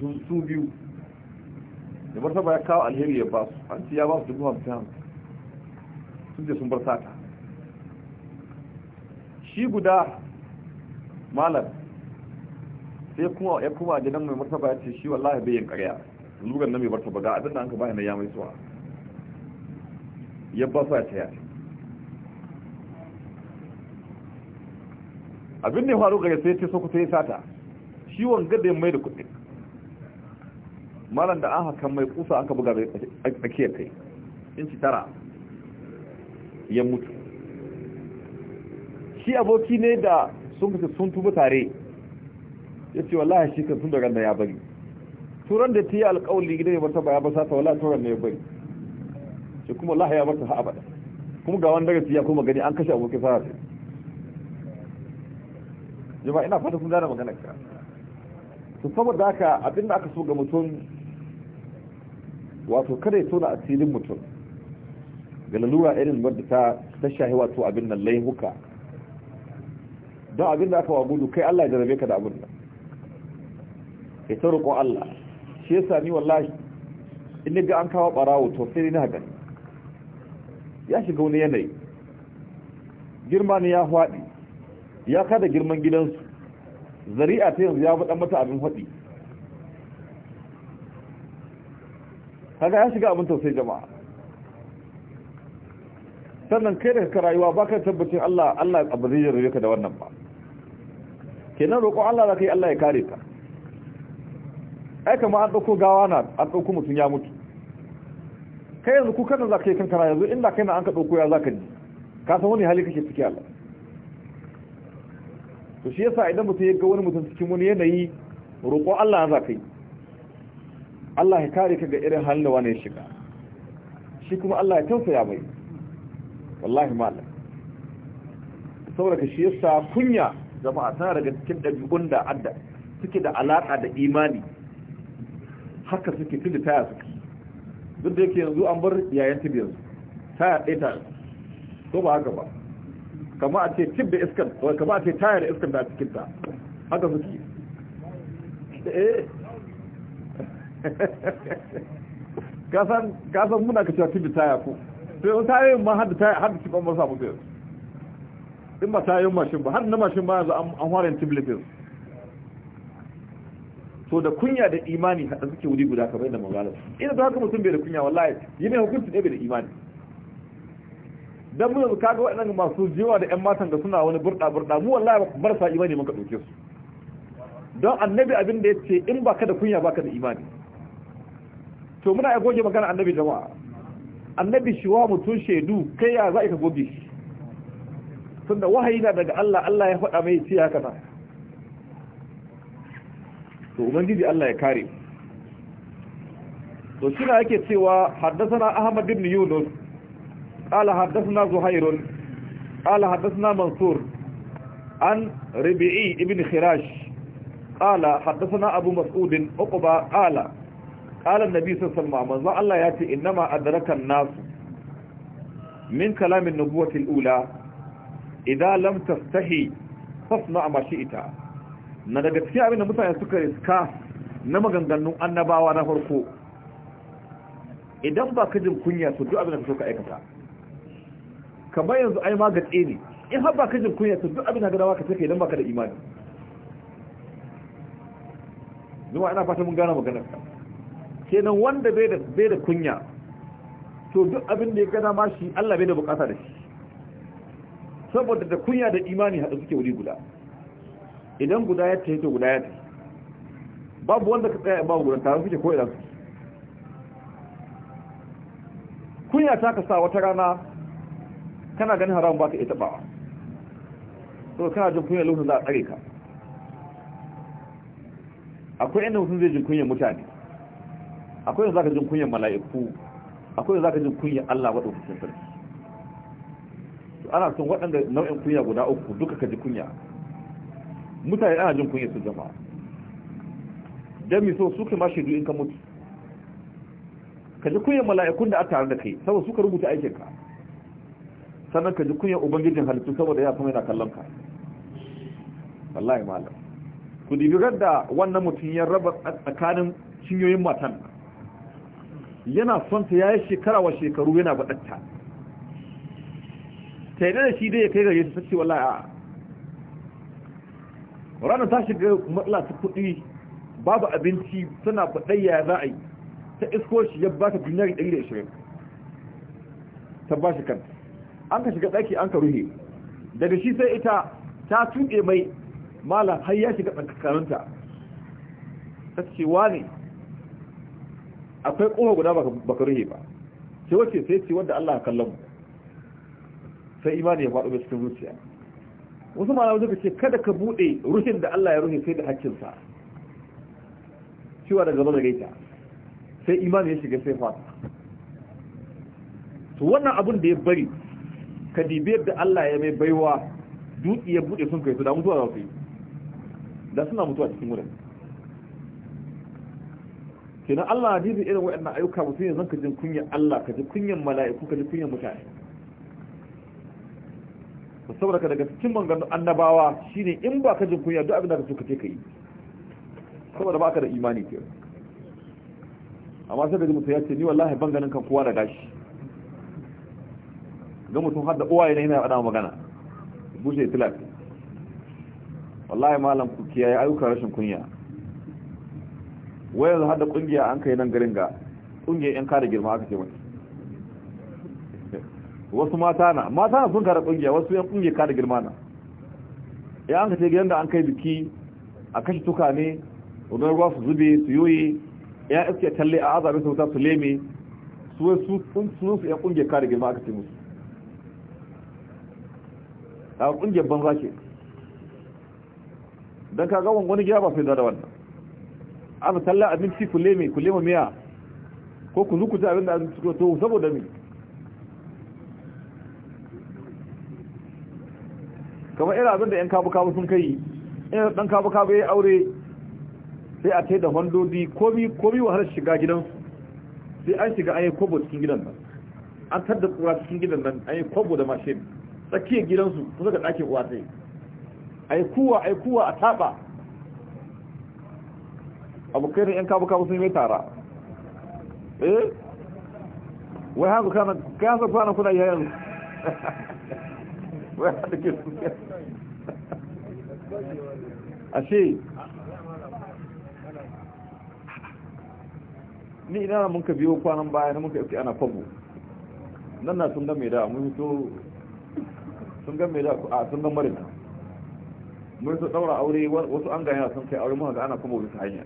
su biyu da martaba ya kawo alheri ya ba su an ci ya ba su dubu hamsin hamsin sun je sun bar sata shi guda malar sai kuma ya kuma gidan mai martaba ya ce shi wallahi bai yin ƙarya lugan na mai martaba ga abin da an ka bayan ya mai suwa ya ba su ya ce ya ce abin da ya faru ga sai ce so ku ta yi sata shi wanga da mai da kuɗi malar da an haka mai kusa aka buga tsakiyar kai inci tara ya mutu shi aboki ne da sun kusa sun tuba tare ya ce wallahi shi kan tun da randa ya bari turan da ta yi alkawali gidan ya barta ba ya basa ta wala turan da ya bari shi kuma wallahi ya barta ha da kuma ga daga ya kuma gani an kashe abokin sa su jama'a ina fata kun gane magana ka to saboda haka abinda aka so ga mutum wato kada ya tona asirin mutum ga lalura irin wadda ta ta shahi wato abin nan laihuka don abin da aka wa gudu kai Allah ya jarabe ka da abin nan ya ta roƙon Allah shi yasa ni wallahi in ga an kawo barawo to sai ni haka ya shiga wani yanayi girma ne ya faɗi ya kada girman gidansu zari'a ta yanzu ya faɗa mata abin faɗi kaga ya shiga abin tausayi jama'a sannan kai da ka rayuwa ka tabbacin Allah Allah ba zai jarrabe ka da wannan ba kenan roƙon Allah za ka yi Allah ya kare ka ai kama an ɗauko gawa na an ɗauko mutum ya mutu kai yanzu ku kanan za ka yi kankana yanzu inda kai na an ka ɗauko ya za ka ji ka san wani hali kake ciki Allah to shi yasa idan mutum ya ga wani mutum cikin wani yanayi roƙo Allah za ka yi Allah ya kare ka ga irin halin da wani ya shiga shi kuma Allah ya tausaya mai wallahi malam saboda ka shi yasa kunya jama'a tana daga cikin dabi'un da adda suke da alaƙa da imani haka suke tun da taya suke duk da yake yanzu an bar yayan tib yanzu taya ɗaya taya ko ba haka ba kama a ce tib da iskan kama a ce taya da iskan da cikin ta haka suke eh. kasan muna ka cewa tib da taya ko to ta yi ma har da cikin ba samu sayar in ba tayoyin mashin ba har na mashin ba yanzu an harin tiblitin so da kunya da imani hada suke wuri guda kamar yadda magalar ina da haka mutum bai da kunya wallahi yi mai hukunci ne bai da imani dan mun kaga waɗannan masu jewa da ƴan matan da suna wani burda burda mu wallahi marasa imani maka ɗauke su don annabi abin da yace in baka da kunya baka da imani to muna ya goge magana annabi jama'a annabi shi wa mutum shaidu kai ya za ka gobe shi tun da wahayi na daga Allah Allah ya faɗa mai ciya kaza to ubangiji Allah ya kare to shi na yake cewa haddasana Ahmad ibn Yunus qala haddasana Zuhair qala na Mansur an Rabi'i ibn Khirash qala haddasana Abu Mas'ud Uqba qala ƙalar nabi sassan ma manzan Allah ya ce innama adarakan nasu min kalamin nubuwatil ula idan lam tastahi fasna a mashi ita na daga cikin abin da mutane suka riska na maganganun annabawa na farko idan ba ka jin kunya su duk abin da ka so ka aikata kamar yanzu ai magatse ne in har ba ka jin kunya su duk abin da gadawa ka take idan baka da imani zuwa ina fata mun gane maganar ka kenan wanda bai da kunya to duk abin da ya gana ma shi Allah bai da bukata da shi saboda da kunya da imani hada suke wuri guda idan guda ya ta to guda ya ta babu wanda ka tsaya babu guda tare suke ko idan su kunya ta ka sa wata rana kana ganin haram ba ka iya taɓawa so kana jin kunya lokacin za a tsare ka akwai inda mutum zai jin kunyar mutane akwai da zaka jin kunyar mala'iku akwai da zaka jin kunyar Allah wa dukkan sarki to ana son waɗanda nau'in kunya guda uku duka ka ji kunya mutane ana jin kunyar su jama'a dan mi so su kuma mashi in ka mutu ka ji kunyar mala'ikun da aka tare da kai saboda suka rubuta aikin ka sannan ka ji kunyar ubangijin halittu saboda ya kuma yana kallon ka wallahi malam ku dibi radda wannan mutum ya raba tsakanin cinyoyin matan yana son ta yayi shekara wa shekaru yana badatta ta yi da shi dai ya kai gare ta sace wallahi a ranar ta shiga matsala ta kuɗi babu abinci tana baɗayya za a yi ta isko shi ya ba ta dinari 120 ta ba shi kan an ka shiga ɗaki an ka ruhe daga shi sai ita ta tuɗe mai mala har ya shiga tsakaninta ta ce wa ne akwai kofa guda baka ruhe ba ce wace sai ce wanda Allah ya kallon sai imani ya faɗo cikin zuciya wasu malamai suka ce kada ka bude ruhin da Allah ya ruhe sai da haƙƙinsa cewa da gaba da gaita sai imani ya shiga sai fata to wannan abun da ya bari ka dibe da Allah ya mai baiwa dutse ya bude sun kai su da mutuwa za su yi da suna mutuwa cikin wurin kenan Allah na dibin irin waɗannan ayyuka mutum ya zanka jin kunyar Allah ka ji kunyar mala'iku ka ji kunyar mutane saboda ka daga cikin maganganun annabawa shine in ba ka jin kunya duk abin da ka so ka ce ka yi saboda ba ka da imani ke amma sai ka ji mutum ya ce ni wallahi ban ganin kan kowa da gashi ga mutum har da uwaye na yana faɗa magana bushe tilafi wallahi malam ku kiyaye ayyukan rashin kunya wai yanzu hada kungiya an kai nan garin ga kungiyar yan kare girma aka ce mai wasu mata na mata na sun kare kungiya wasu yan kungiyar kare girma na ya an kace gidan da an kai biki a kashe tuka ne wadannan ruwa su zube su yoyi ya iske talle a azabin sauta su leme su wai su sun su yan kungiyar kare girma aka ce musu a kungiyar banza ke don kaga wani gida ba yi da wannan aka talla abinci kulle mai kulle mai miya ko ku zuku abin da abinci to saboda mai kamar irin abin da yan kabu kabu sun kai da dan kabu kabu ya aure sai a taida da hondodi komi komi wahalar shiga gidan sai an shiga an yi kobo cikin gidan nan an tadda tsura cikin gidan nan an yi kobo da mashin tsakiyar gidansu kusa ga ɗakin uwa sai yi kuwa ai kuwa a taɓa kai ne yan kabu sun yi tara eh wai haka kana kai haka kwanan kuna yi yanzu wai haka ke ashe ni ina mun ka biyo kwanan baya na muka yi ana fabu nan na sun game da mun fito sun game da a sun game da mun so daura aure wasu an gaya sun kai aure mun ga ana fago bisa hanya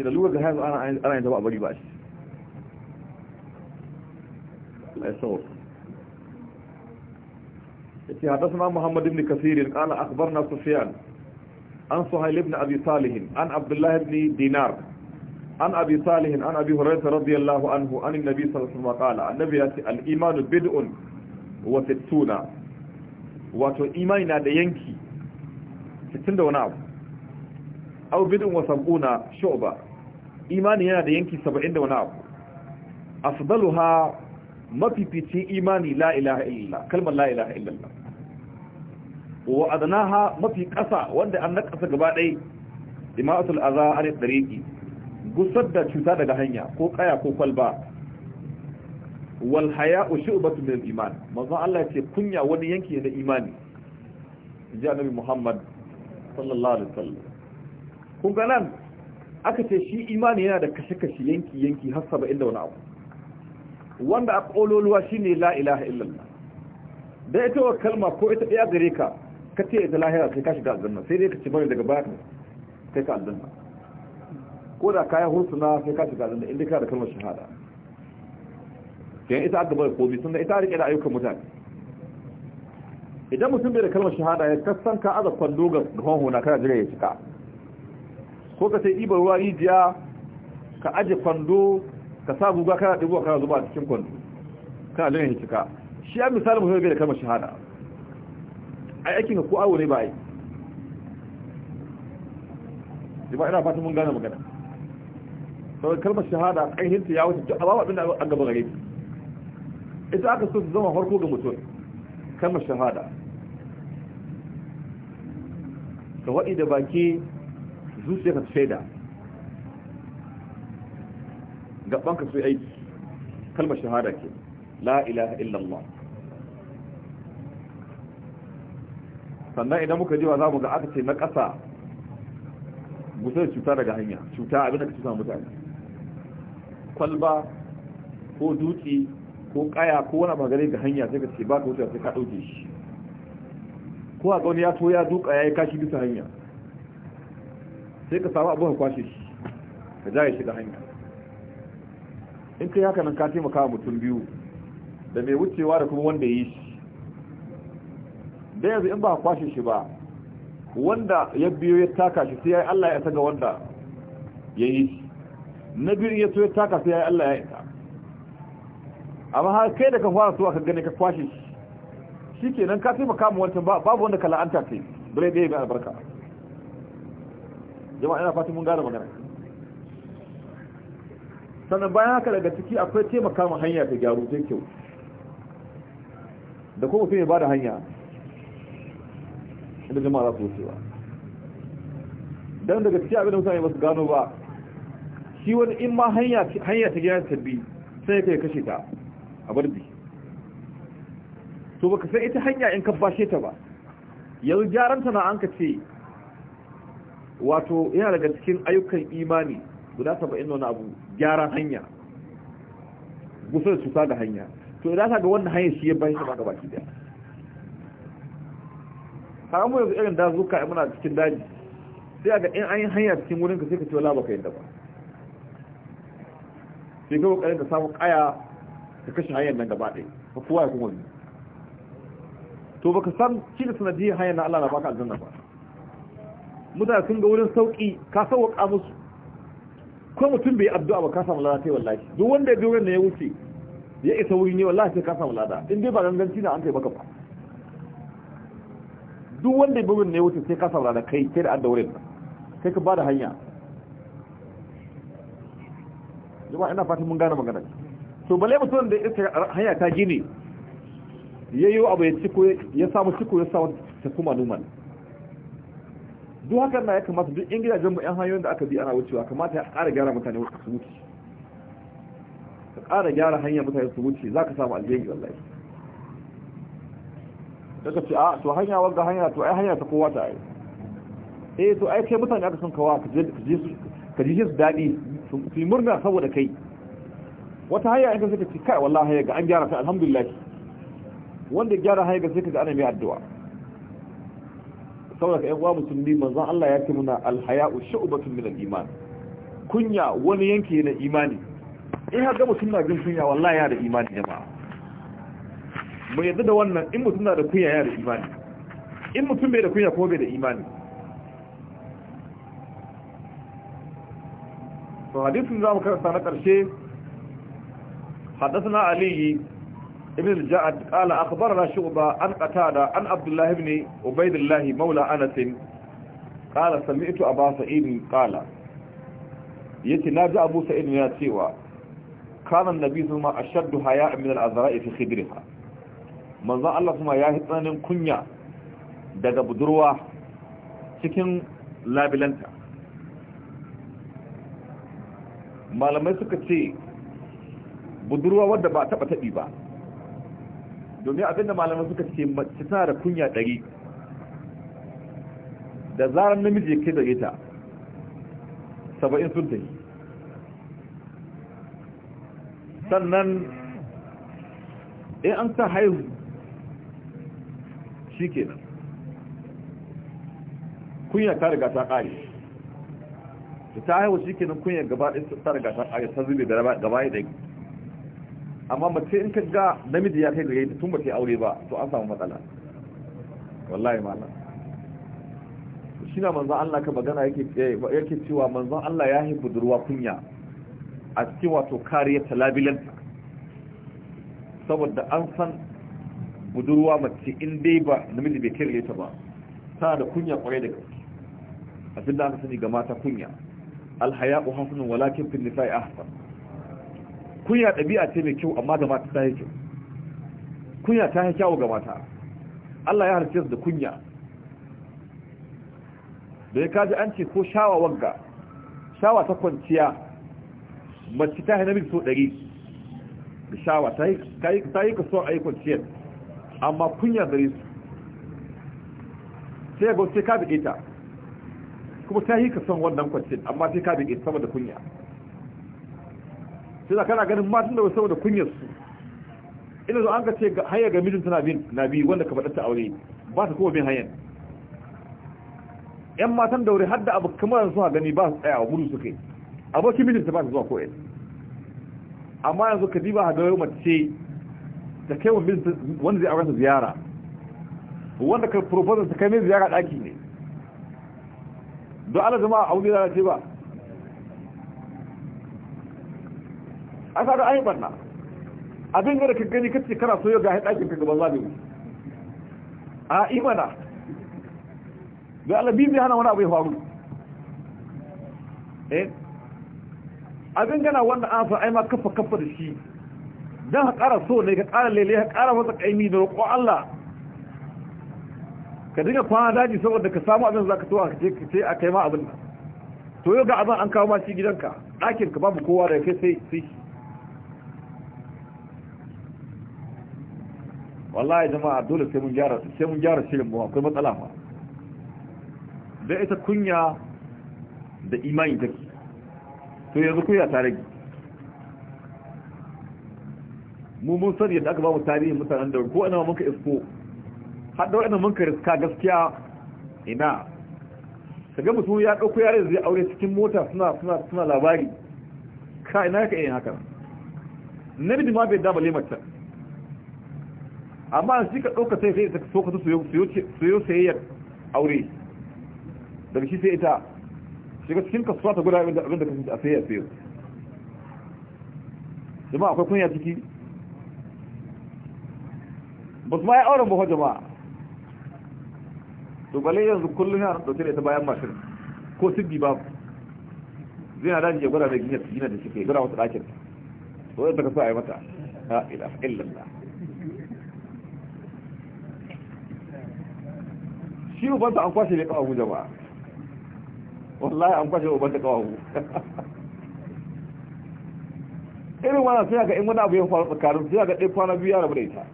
ce da lura ga haizu ana yin zama a bari ba shi mai saur. ya ce haddasa muhammad ibn kasirin ƙala akbar na sufiyan an suhail ibn abi salihin an abdullahi ibn dinar an abi salihin an abi hurairah radiyallahu anhu an annabi sallallahu alaihi wasallam qala annabi ya ce al-imanu bid'un wa sittuna wato imani na da yanki 60 da wani abu aw bid'un wa sab'una shu'ba imani yana da yanki 70 da wani abu afdaluha mafificin imani la ilaha illa kalmar la ilaha illallah wa adnaha mafi kasa wanda an nakasa gaba dai dima'atul adha ala tariqi gusar da cuta daga hanya ko kaya ko kwalba wal haya'u shu'batun min al-iman manzo Allah ce kunya wani yanki ne na imani ji annabi Muhammad sallallahu alaihi wasallam kun ga nan aka ce shi imani yana da kashe-kashe yanki-yanki har saba'in da wani abu wanda a ƙololuwa shi ne la'ilaha illallah da ita wa kalma ko ita ɗaya gare ka ka ce ita lahira sai ka shiga aljanna sai dai ka ci bari daga baya ka sai ka aljanna ko da kaya hursuna sai ka shiga aljanna inda ka da kalmar shahada yan ita aka bari komi sun da ita rike da ayyukan mutane idan mutum bai da kalmar shahada ya kasan ka aza kwando ga hanhuna kana jirage ya cika ko ka sai ɗiba ruwa rijiya ka aje kwando ka sa guga kana ɗibuwa kana zuba a cikin kwando kana lina hikika shi ya misali mutum bai da kama shahada ai aikin ka ko awo ne ba yi da ba ina fatan mun gane magana sau kalmar shahada ƙarhinta ya wuce duk abawa abinda da an gaba gare ita aka so su zama farko ga mutum kalmar shahada ka waɗi da baki zuciya ka shaida gaban ka sai aiki kalmar shahada ke la ilaha illallah sannan idan muka jiwa za mu ga aka ce na ƙasa gusa da cuta daga hanya cuta abin da ka cuta mutane kwalba ko dutse ko kaya ko wani magare ga hanya sai ka ce ba ka wuce sai ka ɗauke shi ko a wani ya to ya duka ya yi kashi bisa hanya sai ka samu abuwa kwashe shi ka jaye shi da hanya in kai haka nan ka taimaka mutum biyu da mai wucewa da kuma wanda yi shi da yanzu in ba kwashe shi ba wanda ya biyo ya taka shi sai ya yi Allah ya isa ga wanda ya yi shi na biyu ya so ya taka sai ya yi Allah ya isa amma har kai da ka fara so aka gane ka kwashe shi shi kenan ka taimaka mu wancan babu wanda ka la'anta kai bare ɗaya ya bi albarka jama'a ina fatin mun gane magana sannan bayan haka daga ciki akwai taimaka ma hanya ta gyaru ta kyau da kuma sai ya bada hanya inda jama'a za su ba don daga ciki abin da mutane ba su gano ba shi wani in ma hanya ta gyaru ta bi sai ya kai kashe ta a barbi to baka san ita hanya in ka bashe ta ba yanzu gyaran ta na an ka ce wato yana daga cikin ayyukan imani guda saba'in wani abu gyaran hanya gusar cuta ga hanya to idan ka ga wannan hanyar shi ya bayan shi ga baki daya har mu yanzu irin dazuka muna cikin daji sai ga in an yi hanya cikin wurin ka sai ka ce wala baka yadda ba sai ka kokarin ka samu kaya ka kashe hanyar nan gaba ɗaya Ka kowa ya kuma to baka san shi da sanadiyar hanyar na Allah na baka aljanna ba muda sun ga wurin sauƙi ka sauƙa musu ko mutum bai addu'a ba ka samu lada sai wallahi duk wanda ya bi wurin da ya wuce ya isa wurin ne wallahi sai ka samu lada in dai ba ganganci na an kai baka ba duk wanda ya bi wurin ne ya wuce sai ka samu lada kai sai da adda wurin sai ka bada hanya jama'a ina fatan mun gane magana to bale mutum da ita hanya ta gine yayyo abu ya ciko ya samu ciko ya samu ta kuma numan duk hakan na ya kamata duk yan gidajen mu yan hanyoyin da aka bi ana wucewa kamata ya ƙara gyara mutane wasu su wuce ka ƙara gyara hanyar mutane su wuce za ka samu alheri wallahi da ka ce a to hanya wadda hanya to ai hanya ta kowa ta ai eh to ai kai mutane aka sun kawa ka je ji su daɗi su yi murna saboda kai wata hanya ita sai ka ce kai wallahi ga an gyara ta alhamdulillah wanda gyara hanya ga sai ka ga ana mai addu'a saboda ƴan uwa musulmi manzon Allah ya ce muna alhaya'u shu'batun min al-iman kunya wani yanki na imani in har ga mutum na jin kunya wallahi ya da imani jama'a mu yadda da wannan in mutum na da kunya ya da imani in mutum bai da kunya ko bai da imani to hadisin zamu mu karanta na ƙarshe حدثنا علي ابن الجعد قال أخبرنا شعبة عن قتادة عن عبد الله بن عبيد الله مولى أنس قال سمعت أبا سعيد قال يتناجى أبو سعيد ياتيوى كان النبي ثم أشد حياء من الأذراء في خدرها من ذا الله ثم ياهتنا كنيا daga budurwa cikin labilanta malamai suka ce budurwa wadda ba taɓa taɓi ba domin abinda malamai suka ce mace tana da kunya ɗari da zarar namiji ya ke da ita saba'in sun ta yi sannan in an sa haihu shi kenan kunya ta riga ta ƙari ta haihu shi kenan kunya gaba ɗin ta riga ta ƙari ta zube gaba ɗin amma mace in ka ga namiji ya kai gare ta tun ba ta aure ba to an samu matsala wallahi mala shi na manzon Allah ka magana yake yake cewa manzon Allah ya yi budurwa kunya a cikin wato kariyar talabilanta saboda an san budurwa mace in dai ba namiji bai kai ta ba tana da kunya kwarai da gaske da aka sani ga mata kunya alhaya'u hasanun walakin fil nisa'i ahsan kunya ɗabi'a ce mai kyau amma ga mata ta yi kyau kunya ta yi kyau ga mata Allah ya harce su da kunya da ya kaji an ce ko shawa wagga shawa ta kwanciya mace ta yi namiji so ɗari da shawa ta yi ka so a yi kwanciyar amma kunya gare su sai ga gauce ka biƙe ta kuma ta yi ka son wannan kwanciyar amma sai ka biƙe sama da kunya sai da kana ganin matan da saboda kunyar su ina zo an ka ce haya ga mijin tana bin na biyu wanda ka faɗa ta aure ba ta kowa bin hayan yan matan daure har da abu kamar su gani ba su tsaya gudu su kai abokin mijin ta ba su zuwa ko yanzu amma yanzu ka diba ha gawai mace ta kai wa mijin wanda zai aure ta ziyara wanda ka proposal ta kai mai ziyara ɗaki ne don ala zama a aure ce ba a kaga an yi barna abin da ka gani kace kana so ga haɗakin ka gaban zabi a imana da Allah bi hana wani abu ya faru eh abin gana wanda an san ai ma kafa kafa da shi dan ha ƙara so ne ka ƙara lele ha ƙara masa kaimi da roƙo Allah ka dinga kwana daji saboda ka samu abin zaka to ka ce a kai ma abin to yau ga abin an kawo ma shi gidanka ɗakin ka babu kowa da kai sai sai wallahi jama'a dole sai mun gyara sai mun gyara shirin mu akwai matsala fa da ita kunya da imani take to yanzu kunya ta rage mu mun sani yadda aka ba mu tarihin mutanen da ko ina muka isko har da wannan muka riska gaskiya ina kaga mutum ya dauko yare zai aure cikin mota suna suna suna labari ka ina ka yin haka nabi ma bai da bale mata amma shi ka ɗauka sai sai so ka soyo sayayyar aure daga shi sai ita shiga cikin kasuwa ta guda abin abinda kasance a sayar sayo jama'a akwai kunya ciki ba su ma ya auren ba jama'a to balai yanzu kullum yana ɗauke da ita bayan mashin ko sibbi ba zai na daji ya gwada mai gina da shi ke gwada wata ɗakin to yadda ka sa a yi mata la ilaha illallah shi ubanta an kwashe ne kawahu jama'a wallahi an kwashe ubansa kawahu irin wannan sai ga in wani abu ya faru tsakanin sai ga ɗaya kwana biyu ya rabu da ita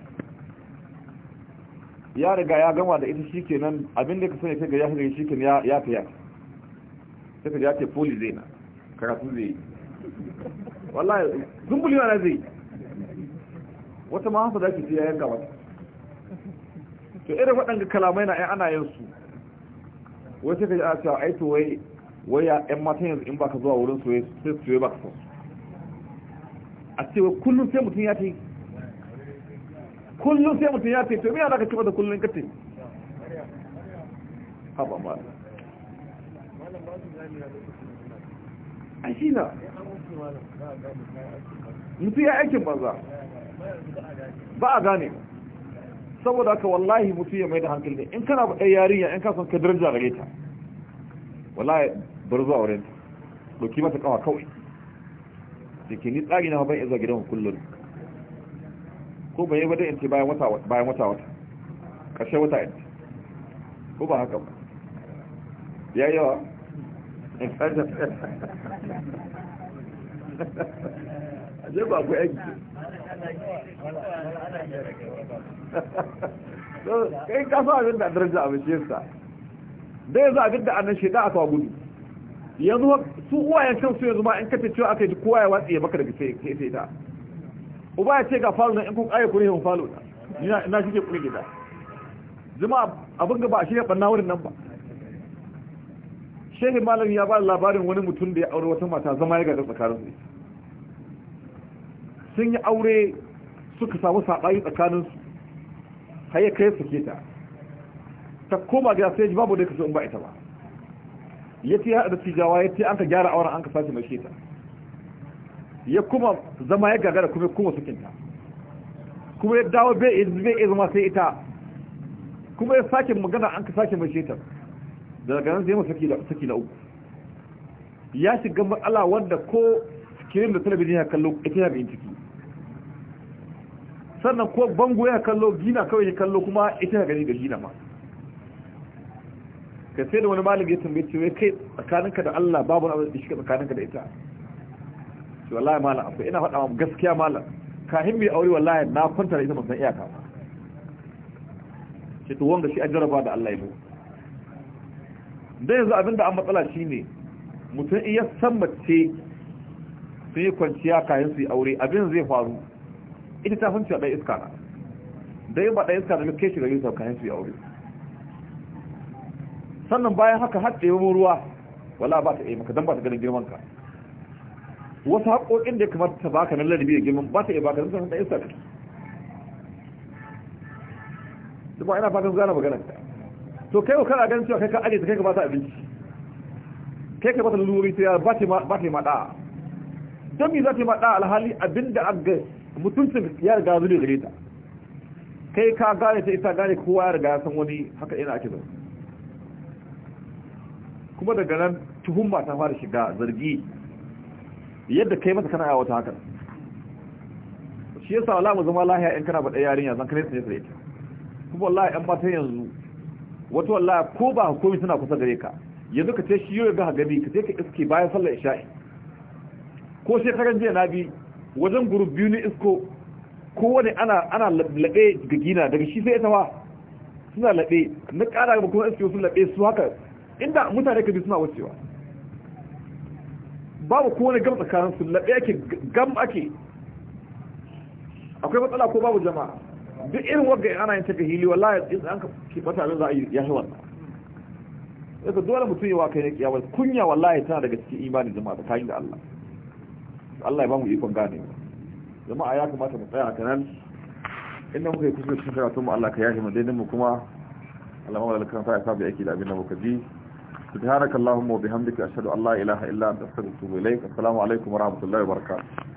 ya riga ya gama da ita shi kenan abin da ka sani sai ga ya shiga shi kenan ya fiya sai ka ya ce poli zai na karatu zai yi wallahi zumbuli na zai wata ma hasa da ke ya yanka mata to irin waɗanda kalamai na ‘yan ana yansu wai sai ka ji ana cewa aiki wai wai ya ‘yan matan yanzu in ba ka zuwa wurin su sai su yi ka sosu a ce wai kullum sai mutum ya ce kullum sai mutum ya ce to miya za ka cewa da kullum ka ce haɓa ma a shi na mutum ya aikin banza ba a gane ba saboda haka wallahi mutum ya mai da hankali in kana faɗa yarinya in ka son ka daraja da ta wallahi bar zuwa wurin doki mata kawa kawai da ke ni tsari na ban izo gidan kullum ko ba yi wadda in ce bayan wata wata ƙarshen wata yanzu ko ba haka ba ya yawa in kanta a je ba ku aiki kai ka so abin da daraja a mace sa dai za a da annan shaidan aka wa gudu yanzu su uwayen kansu yanzu ma in kace cewa aka yi kowa ya watsi ya baka daga sai sai ta uba ya ce ga falo na in kun kare kurihin falo na ina shi ke kuri gida zuma abin ga ba shi ya banna wurin nan ba shehin malami ya ba labarin wani mutum da ya aure wata mata zama ya gada tsakanin su sun yi aure suka samu saɓayi tsakaninsu su ya kai suke ta ta koma gida sai ji babu da kasu in ba ita ba ya ce haɗa da cijawa ya ce an ka gyara auren an ka sace mai sheta ya kuma zama ya gagara kuma kuma ta kuma ya dawo bai iya zama sai ita kuma ya sake magana an ka sace mai sheta daga nan zai masa saki na uku ya shiga matsala wanda ko kirin da talabijin ya kallo ita ya bayin ciki sannan ko bango ya kallo gina kawai ya kallo kuma ita gani da gina ma ka sai da wani malami ya tambaye ce kai tsakaninka da Allah babu abin da shi tsakaninka da ita shi wallahi malam akwai ina faɗa ma gaskiya malam kahin bai aure wallahi na kwanta da ita musan iyaka ma ce to wanga shi a jaraba da Allah ya mu dan yanzu abinda an matsala shine mutum iya san mace sun yi kwanciya kayan su yi aure abin zai faru ita ta san a ɗaya iska na dai ba ɗaya iska da muke shiga yin sauka hanci a wuri sannan bayan haka haɗe ɗaya ruwa wala ba ta yi maka don ba ta ganin girman ka wasu haƙoƙin da ya kamata ta baka nan ladabi da girman ba ta yi baka don sanar ɗan iska ka duk ba ina fatan zana magana ta to kai kana ganin cewa kai ka aje ta kai ka bata abinci kai ka bata lulluri ta ba ta ma maɗa don me za ta ma maɗa alhali abinda an ga mutuncin ya riga zuri gare ta kai ka gane ta isa gane kowa ya riga san wani haka ina ake zai kuma daga nan tuhumma ta fara shiga zargi yadda kai mata kana yawa ta haka shi yasa wala mu zama lahiya in kana bada yarinya zan kare tsaye sai kuma wallahi yan matan yanzu wato wallahi ko ba hukumi suna kusa gare ka yanzu ka ce shi yau ga gabi ka ce ka iske bayan sallar isha'i ko shekaran jiya na bi wajen guruf biyu ne isko kowane ana ana labe ga gina daga shi sai ya tawa suna labe na ƙara ga kuma isko sun labe su haka inda mutane ka bi suna wucewa babu kowane gam tsakanin su labe ake gam ake akwai matsala ko babu jama'a duk irin wagga ana yin taka hili wallahi in an ka kibata da za a yi ya shi wannan yadda dole mutum yawa kai na kiyawar kunya wallahi tana daga cikin imanin jama'a da kayan da Allah Allah ya ba mu ikon gane jama'a ya kamata mu tsaya a kanan inda muka yi kusa cikin karatun mu Allah ka yashi mu daidai mu kuma Allah ma walakan sa ya sa bai aiki da abin da muka ji subhanakallahumma wa bihamdika ashhadu an la ilaha illa anta astaghfiruka wa atubu ilaik assalamu alaikum wa rahmatullahi wa barakatuh